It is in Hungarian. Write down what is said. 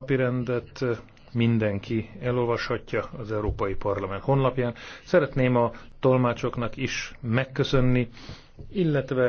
napirendet mindenki elolvashatja az Európai Parlament honlapján. Szeretném a tolmácsoknak is megköszönni, illetve